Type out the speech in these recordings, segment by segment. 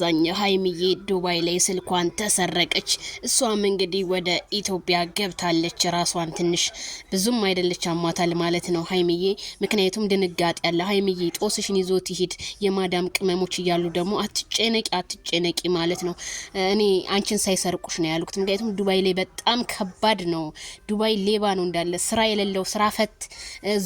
አብዛኛው ሀይሚዬ ዱባይ ላይ ስልኳን ተሰረቀች። እሷም እንግዲህ ወደ ኢትዮጵያ ገብታለች። ራሷን ትንሽ ብዙም አይደለች አሟታል ማለት ነው ሀይሚዬ። ምክንያቱም ድንጋጤ ያለ ሀይሚዬ ጦስሽን ይዞት ይሂድ የማዳም ቅመሞች እያሉ ደግሞ አትጨነቂ አትጨነቂ ማለት ነው። እኔ አንቺን ሳይሰርቁሽ ነው ያልኩት። ምክንያቱም ዱባይ ላይ በጣም ከባድ ነው። ዱባይ ሌባ ነው እንዳለ ስራ የሌለው ስራ ፈት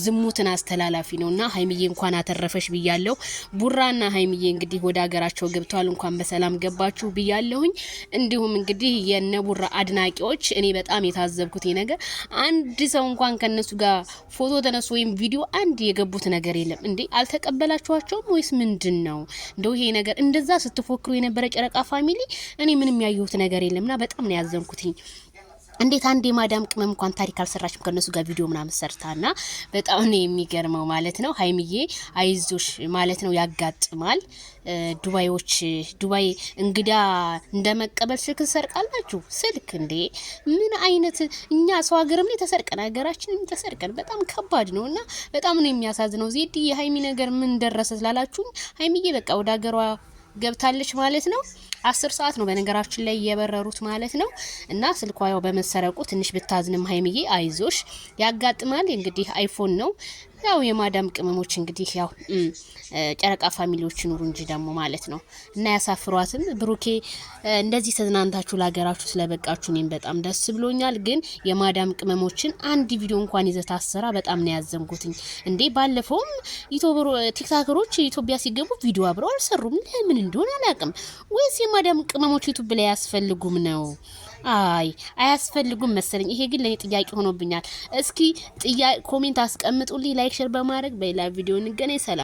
ዝሙትን አስተላላፊ ነው እና ሀይሚዬ እንኳን አተረፈሽ ብያለው። ቡራና ሀይሚዬ እንግዲህ ወደ ሀገራቸው ገብተዋል። እንኳን በሰላም ገባችሁ ብያለሁኝ። እንዲሁም እንግዲህ የነቡራ አድናቂዎች እኔ በጣም የታዘብኩት ነገር አንድ ሰው እንኳን ከነሱ ጋር ፎቶ ተነሱ ወይም ቪዲዮ አንድ የገቡት ነገር የለም። እንዴ አልተቀበላችኋቸውም ወይስ ምንድን ነው? እንደው ይሄ ነገር እንደዛ ስትፎክሩ የነበረ ጨረቃ ፋሚሊ እኔ ምንም ያየሁት ነገር የለምና በጣም ነው ያዘንኩትኝ። እንዴት አንድ የማዳም ቅመም እንኳን ታሪክ አልሰራችም ከእነሱ ጋር ቪዲዮ ምናምን ሰርታና በጣም ነው የሚገርመው ማለት ነው። ሀይሚዬ አይዞሽ ማለት ነው። ያጋጥማል። ዱባዮች ዱባይ እንግዳ እንደመቀበል ስልክ ትሰርቃላችሁ። ስልክ እንዴ ምን አይነት እኛ ሰው ሀገርም ላይ ተሰርቀን ሀገራችንም ተሰርቀን በጣም ከባድ ነው እና በጣም ነው የሚያሳዝነው። ዜድ የሀይሚ ነገር ምን ደረሰ ስላላችሁ ሀይሚዬ በቃ ወደ ሀገሯ ገብታለች ማለት ነው። አስር ሰዓት ነው በነገራችን ላይ እየበረሩት ማለት ነው። እና ስልኳ ያው በመሰረቁ ትንሽ ብታዝንም ሀይምዬ አይዞሽ ያጋጥማል። እንግዲህ አይፎን ነው ያው የማዳም ቅመሞች እንግዲህ ያው ጨረቃ ፋሚሊዎች ኑሩ እንጂ ደግሞ ማለት ነው እና ያሳፍሯትም። ብሩኬ እንደዚህ ተዝናንታችሁ ለሀገራችሁ ስለበቃችሁ እኔም በጣም ደስ ብሎኛል። ግን የማዳም ቅመሞችን አንድ ቪዲዮ እንኳን ይዘት አሰራ በጣም ነው ያዘንጉትኝ። እንዴ ባለፈውም ቲክታክሮች ኢትዮጵያ ሲገቡ ቪዲዮ አብረው አልሰሩም። ለምን እንደሆነ አላውቅም ወይስ የማዳም ቅመሞች ዩቱብ ላይ አያስፈልጉም ነው? አይ አያስፈልጉም መሰለኝ። ይሄ ግን ለእኔ ጥያቄ ሆኖብኛል። እስኪ ጥያቄ ኮሜንት አስቀምጡልኝ፣ ላይክ ሼር በማድረግ በሌላ ቪዲዮ እንገናኝ። ሰላም